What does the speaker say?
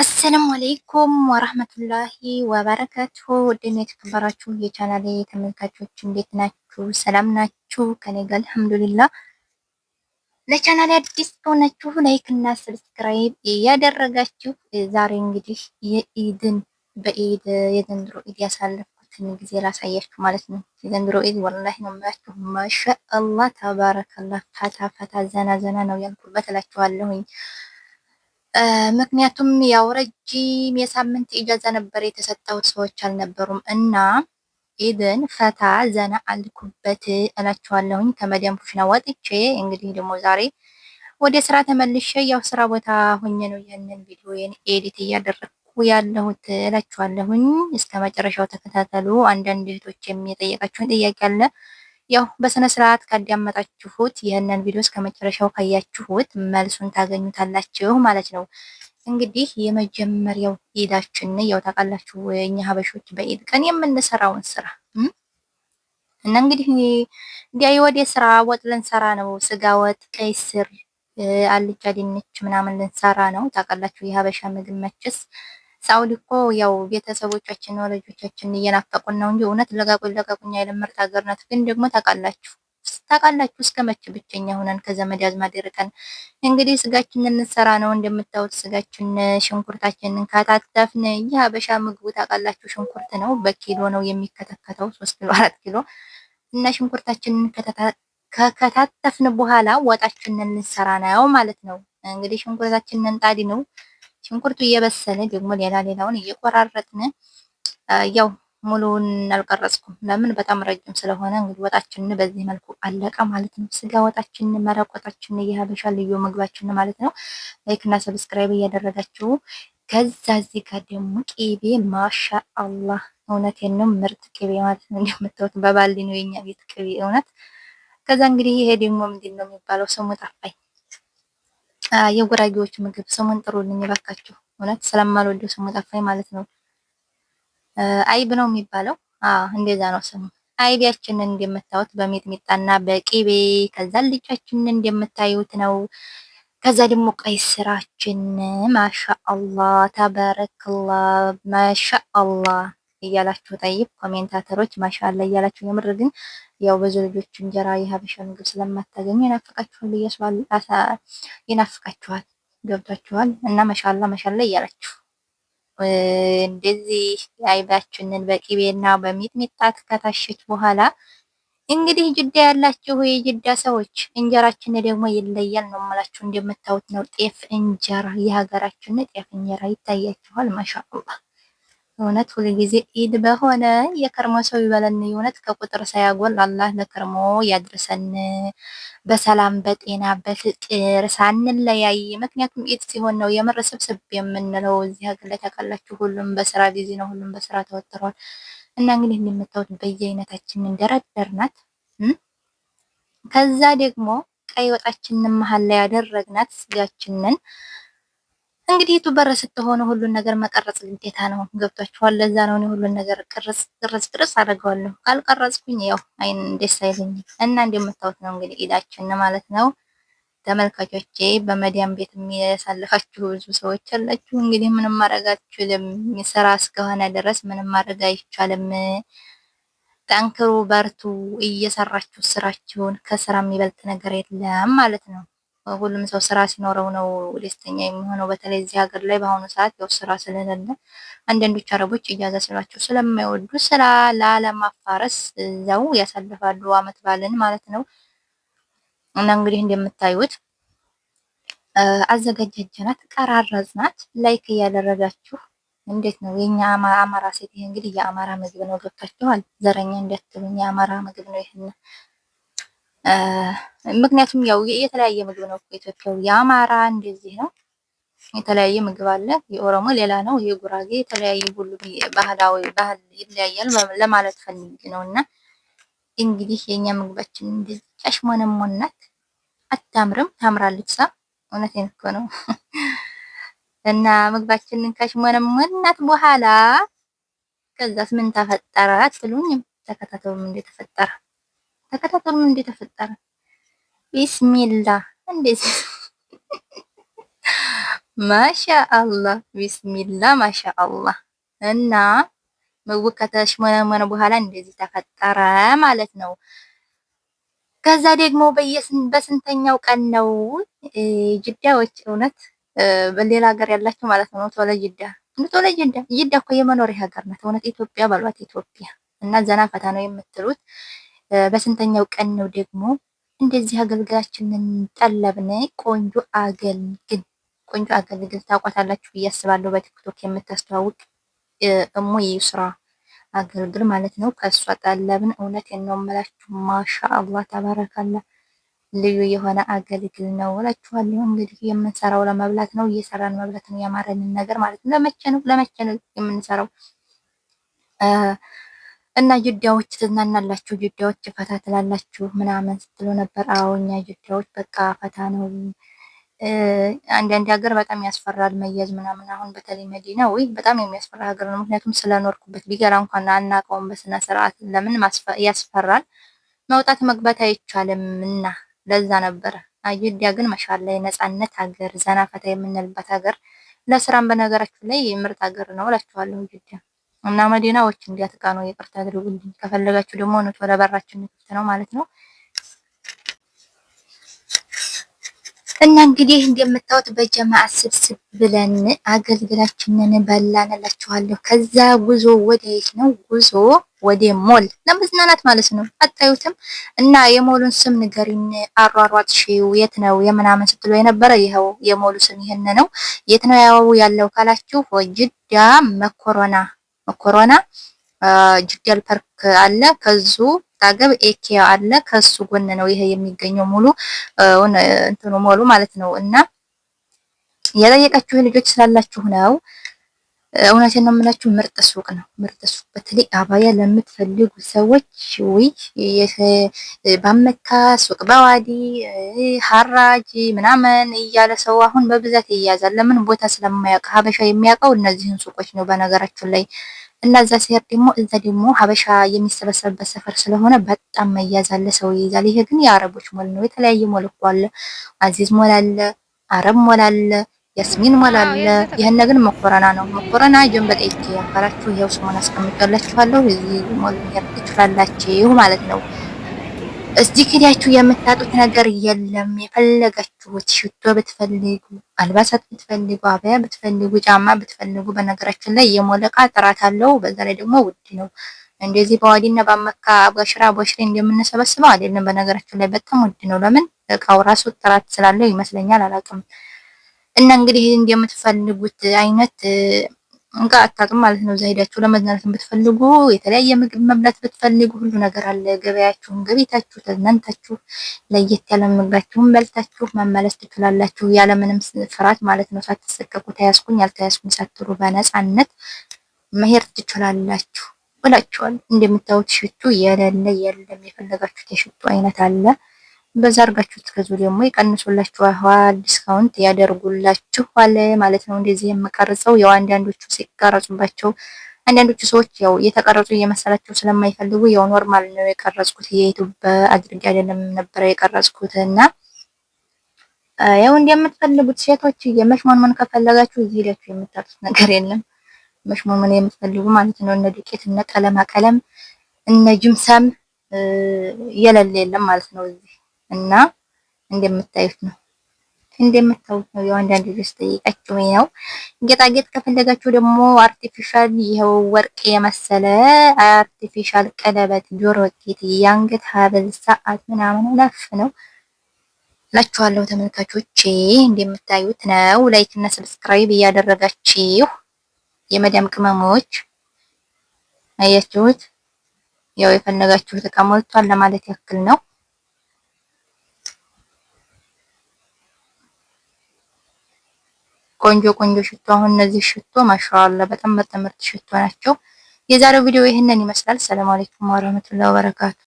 አሰላሙ አለይኩም ወራህመቱላሂ ወበረካቱ። ውድና የተከበራችሁ የቻናሌ ተመልካቾች እንዴት ናችሁ? ሰላም ናችሁ? ከኔ ጋር አልሐምዱሊላ። ለቻናሌ አዲስ ከሆናችሁ ላይክ እና ሰብስክራይብ እያደረጋችሁ ዛሬ እንግዲህ የኢድን በኢድ የዘንድሮ ኢድ ያሳለፍኩትን ጊዜ ላሳያችሁ ማለት ነው። የዘንድሮ ኢድ ወላሂ ነው የምላችሁ። ማሻአላህ ተባረከላህ። ፈታ ፈታ ዘና ዘና ነው ያልኩበት እላችኋለሁኝ። ምክንያቱም ያው ረጅም የሳምንት ኢጃዛ ነበር የተሰጠው፣ ሰዎች አልነበሩም እና ኢድን ፈታ ዘና አልኩበት እላችኋለሁኝ። ከመዲያም ኩሽና ወጥቼ እንግዲህ ደግሞ ዛሬ ወደ ስራ ተመልሼ ያው ስራ ቦታ ሆኜ ነው ይህንን ቪዲዮን ኤዲት እያደረግኩ ያለሁት እላችኋለሁኝ። እስከ መጨረሻው ተከታተሉ። አንዳንድ እህቶች የሚጠየቃችሁን ጥያቄ አለ ያው በስነ ስርዓት ካዳመጣችሁት ይህንን ቪዲዮ እስከ መጨረሻው ካያችሁት መልሱን ታገኙታላችሁ ማለት ነው። እንግዲህ የመጀመሪያው ኢዳችን ያው ታውቃላችሁ፣ የኛ ሀበሾች በኢድ ቀን የምንሰራውን ስራ እና እንግዲህ እንዲያይ ወደ ስራ ወጥ ልንሰራ ነው። ስጋ ወጥ፣ ቀይ ስር፣ አልጫ ድንች ምናምን ልንሰራ ነው። ታውቃላችሁ የሀበሻ ምግብ መችስ ሳውዲ እኮ ያው ቤተሰቦቻችን ነው እየናፈቁን ነው እንጂ እውነት ለጋቁኝ ለጋቁኝ የለመርት ሀገር ናት። ግን ደግሞ ታውቃላችሁ ታውቃላችሁ እስከ መቼ ብቸኛ ሆነን ከዘመድ አዝማድ ርቀን እንግዲህ ስጋችንን እንሰራ ነው እንደምታዩት፣ ስጋችን ሽንኩርታችንን ካታተፍን የሀበሻ ምግቡ ታውቃላችሁ ሽንኩርት ነው። በኪሎ ነው የሚከተከተው ሶስት ኪሎ አራት ኪሎ እና ሽንኩርታችንን ከከታተፍን በኋላ ወጣችንን እንሰራ ነው ማለት ነው። እንግዲህ ሽንኩርታችንን ጣዲ ነው ሽንኩርቱ እየበሰለ ደግሞ ሌላ ሌላውን እየቆራረጥን ያው ሙሉውን አልቀረጽኩም። ለምን በጣም ረጅም ስለሆነ እንግዲህ ወጣችንን በዚህ መልኩ አለቀ ማለት ነው። ስጋ ወጣችንን መረቅ ወጣችንን የሀበሻ ልዩ ምግባችን ማለት ነው። ላይክ እና ሰብስክራይብ እያደረጋችሁ ከዛ እዚህ ጋር ደግሞ ቂቤ ማሻ አላህ እውነቴን ነው ምርጥ ቅቤ ማለት ነው። እንደምታዩት በባሊ ነው የኛ ቤት ቅቤ እውነት። ከዛ እንግዲህ ይሄ ደግሞ ምንድን ነው የሚባለው ስሙ ጠፋኝ። የጉራጌዎች ምግብ ስሙን ጥሩልኝ እባካችሁ። እውነት ስለማልወደው ስሙ ጠፋኝ ማለት ነው። አይብ ነው የሚባለው። አዎ እንደዛ ነው ስሙ። አይቢያችንን እንደምታዩት በሚጥሚጣና በቂቤ ከዛ ልጫችንን እንደምታዩት ነው። ከዛ ደግሞ ቀይ ስራችን ማሻአላ ተባረክላ ማሻአላ እያላችሁ ጠይብ ኮሜንታተሮች ማሻላ እያላችሁ የምር ግን ያው ብዙ ልጆች እንጀራ የሀበሻ ምግብ ስለማታገኙ ይናፍቃችኋል እያስባሉ ይናፍቃችኋል። ገብቷችኋል እና መሻላ መሻላ እያላችሁ እንደዚህ አይባችንን በቂቤና በሚጥሚጣ ከታሸች በኋላ እንግዲህ ጅዳ ያላችሁ የጅዳ ሰዎች እንጀራችን ደግሞ ይለያል ነው የምላችሁ። እንደምታዩት ነው ጤፍ እንጀራ የሀገራችን ጤፍ እንጀራ ይታያችኋል። ማሻአላ እውነት ሁልጊዜ ኢድ በሆነ የከርሞ ሰው ይበለን። እውነት ከቁጥር ሳያጎል አላህ ለከርሞ ያድርሰን በሰላም በጤና በፍቅር ሳንለያይ። ምክንያቱም ኢድ ሲሆን ነው የምር ስብስብ የምንለው። እዚህ ሀገር ላይ ሁሉም በስራ ቢዚ ነው፣ ሁሉም በስራ ተወጥሯል። እና እንግዲህ እንደምታዩት በየአይነታችን እንደረደርናት፣ ከዛ ደግሞ ቀይ ወጣችንን መሀል ላይ ያደረግናት ስጋችንን እንግዲህ ዩቱበር ስትሆኑ ሁሉን ነገር መቀረጽ ግዴታ ነው። ገብቷችኋል? ለዛ ነው ሁሉን ነገር ቅርጽ ቅርጽ ቅርጽ አደርገዋለሁ። ካልቀረጽኩኝ ያው አይን ደስ አይለኝ እና እንደምታዩት ነው እንግዲህ ኢዳችን ማለት ነው። ተመልካቾቼ በመዲያም ቤት የሚያሳልፋችሁ ብዙ ሰዎች አላችሁ። እንግዲህ ምንም ማድረግ አትችልም። ስራ እስከሆነ ድረስ ምንም ማድረግ አይቻልም። ጠንክሩ፣ በርቱ። እየሰራችሁ ስራችሁን ከስራ የሚበልጥ ነገር የለም ማለት ነው። ሁሉም ሰው ስራ ሲኖረው ነው ደስተኛ የሚሆነው። በተለይ እዚህ ሀገር ላይ በአሁኑ ሰዓት ያው ስራ ስለሌለ አንዳንዶች አረቦች እያዛ ሲሏቸው ስለማይወዱ ስራ ላለማፋረስ እዛው ያሳልፋሉ አመት ባልን ማለት ነው። እና እንግዲህ እንደምታዩት አዘጋጃጀናት፣ ቀራረጽናት። ላይክ እያደረጋችሁ እንዴት ነው የኛ አማራ ሴት? ይሄ እንግዲህ የአማራ ምግብ ነው። ገብታችኋል? ዘረኛ እንዳትሉኝ፣ የአማራ ምግብ ነው ይሄን ምክንያቱም ያው የተለያየ ምግብ ነው ኢትዮጵያው። የአማራ እንደዚህ ነው፣ የተለያየ ምግብ አለ። የኦሮሞ ሌላ ነው፣ የጉራጌ የተለያየ ሁሉ ባህላዊ ባህል ይለያያል ለማለት ፈልግ ነው። እና እንግዲህ የኛ ምግባችን እንደዚህ ጫሽሞነሞን ናት፣ አታምርም። ታምራለች ሳ እውነቴን እኮ ነው። እና ምግባችንን ካሽሞነሞናት በኋላ ከዛስ ምን ተፈጠረ አትሉኝም? ተከታተሉም እንደተፈጠረ ተከታተሉ እንደተፈጠረ ቢስሚላ እንዴት ማሻ አላህ ቢስሚላ ማሻ አላህ እና ምግቡ ከተሽመነመነ በኋላ እንደዚህ ተፈጠረ ማለት ነው። ከዛ ደግሞ በስንተኛው ቀን ነው ጅዳዎች? እውነት በሌላ ሀገር ያላቸው ማለት ነው። ቶሎ ጅዳ ቶሎ ጅዳ ጅዳ እኮ የመኖሪያ ሀገር ናት። እውነት ኢትዮጵያ ባሏት ኢትዮጵያ እና ዘና ፈታ ነው የምትሉት በስንተኛው ቀን ነው ደግሞ እንደዚህ አገልግላችንን ጠለብን? ቆንጆ አገል ግን ቆንጆ አገል ግን ታውቋታላችሁ ብዬ አስባለሁ። በቲክቶክ የምታስተዋውቅ እሞ የስራ አገልግል ማለት ነው። ከእሷ ጠለብን። እውነት ነው የምላችሁ ማሻ አላህ ተባረካላ። ልዩ የሆነ አገልግል ነው እላችኋለሁ። እንግዲህ የምንሰራው ለመብላት ነው፣ እየሰራን መብላት ነው። ያማረንን ነገር ማለት ነው። ለመቼ ነው ለመቼ ነው የምንሰራው? እና ጅዳዎች ትዝናናላችሁ፣ ጅዳዎች ፈታ ትላላችሁ ምናምን ስትሉ ነበር። አዎ እኛ ጅዳዎች በቃ ፈታ ነው። አንዳንድ ሀገር በጣም ያስፈራል መያዝ ምናምን። አሁን በተለይ መዲና ወይ በጣም የሚያስፈራ ሀገር ነው። ምክንያቱም ስለኖርኩበት ቢገራ እንኳን አናውቀውም በስነ ስርዓት። ለምን ያስፈራል፣ መውጣት መግባት አይቻልም እና ለዛ ነበረ። ጅዳ ግን መሻላ የነፃነት ሀገር፣ ዘና ፈታ የምንልበት ሀገር፣ ለስራም በነገራችሁ ላይ ምርጥ ሀገር ነው እላችኋለሁ ጅዳ እና መዲናዎች እንዲያጥቃ ነው ይቅርታ አድርጉልኝ። ከፈለጋችሁ ደግሞ ነው ወደ በራችን ክፍት ነው ማለት ነው። እና እንግዲህ እንደምታዩት በጀማዓ ስብስብ ብለን አገልግላችንን በላንላችኋለሁ። ከዛ ጉዞ ወዴት ነው? ጉዞ ወደ ሞል ለመዝናናት ማለት ነው። አታዩትም? እና የሞሉን ስም ንገሪን አሯሯጥ ሺው የት ነው የምናምን ስትሎ የነበረ ይኸው የሞሉ ስም ይህን ነው። የት ነው ያው ያለው ካላችሁ ጅዳ መኮረና ኮሮና ጅዳል ፓርክ አለ። ከዙ ታገብ ኤኬያ አለ። ከሱ ጎን ነው ይሄ የሚገኘው ሙሉ እንትኑ ሞሉ ማለት ነው። እና የጠየቃችሁኝ ልጆች ስላላችሁ ነው። እውነቴን ነው የምላችሁ፣ ምርጥ ሱቅ ነው። ምርጥ ሱቅ በተለይ አባያ ለምትፈልጉ ሰዎች ወይ ባመካ ሱቅ በዋዲ ሀራጅ ምናምን እያለ ሰው አሁን በብዛት ይያዛል። ለምን ቦታ ስለማያውቅ ሀበሻ የሚያውቀው እነዚህን ሱቆች ነው በነገራችሁ ላይ እና እዛ ሲሄድ ደግሞ እዛ ደግሞ ሀበሻ የሚሰበሰብበት ሰፈር ስለሆነ በጣም መያዝ ሰው ይይዛል። ይሄ ግን የአረቦች ሞል ነው። የተለያየ ሞል እኮ አለ። አዚዝ ሞል አለ፣ አረብ ሞል አለ ያስሚን ሞላለ ይሄን ግን መኮረና ነው። መኮረና ጀንበል እቺ ያካላችሁ ይሄው ስሙን አስቀምጬላችኋለሁ። እዚህ ሞል ይሄድ ትችላላችሁ ማለት ነው። እዚህ ከዲያችሁ የምታጡት ነገር የለም። የፈለጋችሁት ሽቶ ብትፈልጉ፣ አልባሳት ብትፈልጉ፣ አበያ ብትፈልጉ፣ ጫማ ብትፈልጉ። በነገራችን ላይ የሞለቃ ጥራት አለው። በዛ ላይ ደግሞ ውድ ነው። እንደዚህ በዋዲና በመካ አብጋሽራ ቦሽሪ እንደምንሰበስበው አይደለም። በነገራችን ላይ በጣም ውድ ነው። ለምን እቃው ራሱ ጥራት ስላለው ይመስለኛል። አላውቅም እና እንግዲህ እንደምትፈልጉት አይነት እንቃ አታጡም ማለት ነው። እዛ ሄዳችሁ ለመዝናናትን ብትፈልጉ የተለያየ ምግብ መብላት ብትፈልጉ ሁሉ ነገር አለ። ገበያችሁን ገቢታችሁ ተዝናንታችሁ ለየት ያለ ምግባችሁን በልታችሁ መመለስ ትችላላችሁ፣ ያለምንም ፍርሃት ማለት ነው። ሳትሰቀቁ ተያዝኩኝ አልተያዝኩኝ ሳትሉ በነፃነት መሄድ ትችላላችሁ እላችኋል። እንደምታዩት ሽቱ የለለ የለም። የፈለጋችሁት የሽቱ አይነት አለ። በዛ አድርጋችሁ ትገዙ ደግሞ ይቀንሱላችኋል፣ ዲስካውንት ያደርጉላችኋል ማለት ነው። እንደዚህ የምቀርጸው ያው አንዳንዶቹ ሲቀረጹባቸው አንዳንዶቹ ሰዎች ያው የተቀረጹ እየመሰላቸው ስለማይፈልጉ ያው ኖርማል ነው የቀረጽኩት። የዩቲዩብ አድርጌ አይደለም ነበረ የቀረጽኩት እና ያው እንደምትፈልጉት ሴቶች የመሽሞንሞን ከፈለጋችሁ እዚህ ሄዳችሁ የምታጡት ነገር የለም። መሽሞንሞን የምትፈልጉ ማለት ነው እነ ዱቄት፣ እነ ቀለማ ቀለም፣ እነ ጅምሰም የለለ የለም ማለት ነው እዚህ እና እንደምታዩት ነው እንደምታዩት ነው። ያው አንዳንድ ልጅ ጠይቃችሁ ነው። ጌጣጌጥ ከፈለጋችሁ ደግሞ አርቲፊሻል ይሄው ወርቅ የመሰለ አርቲፊሻል ቀለበት፣ ጆሮ ጌጥ፣ የአንገት ሀብል፣ ሰዓት ምናምን ለፍ ነው ላችኋለሁ ተመልካቾቼ። እንደምታዩት ነው። ላይክ እና ሰብስክራይብ እያደረጋችሁ የመዳም ቅመሞች አያችሁት። ያው የፈለጋችሁት እቃ ሞልቷል ለማለት ያክል ነው። ቆንጆ ቆንጆ ሽቶ አሁን እነዚህ ሽቶ ማሻአላ በጣም በጣም ምርጥ ሽቶ ናቸው። የዛሬው ቪዲዮ ይህንን ይመስላል። ሰላም አለይኩም ወራህመቱላሂ ወበረካቱ።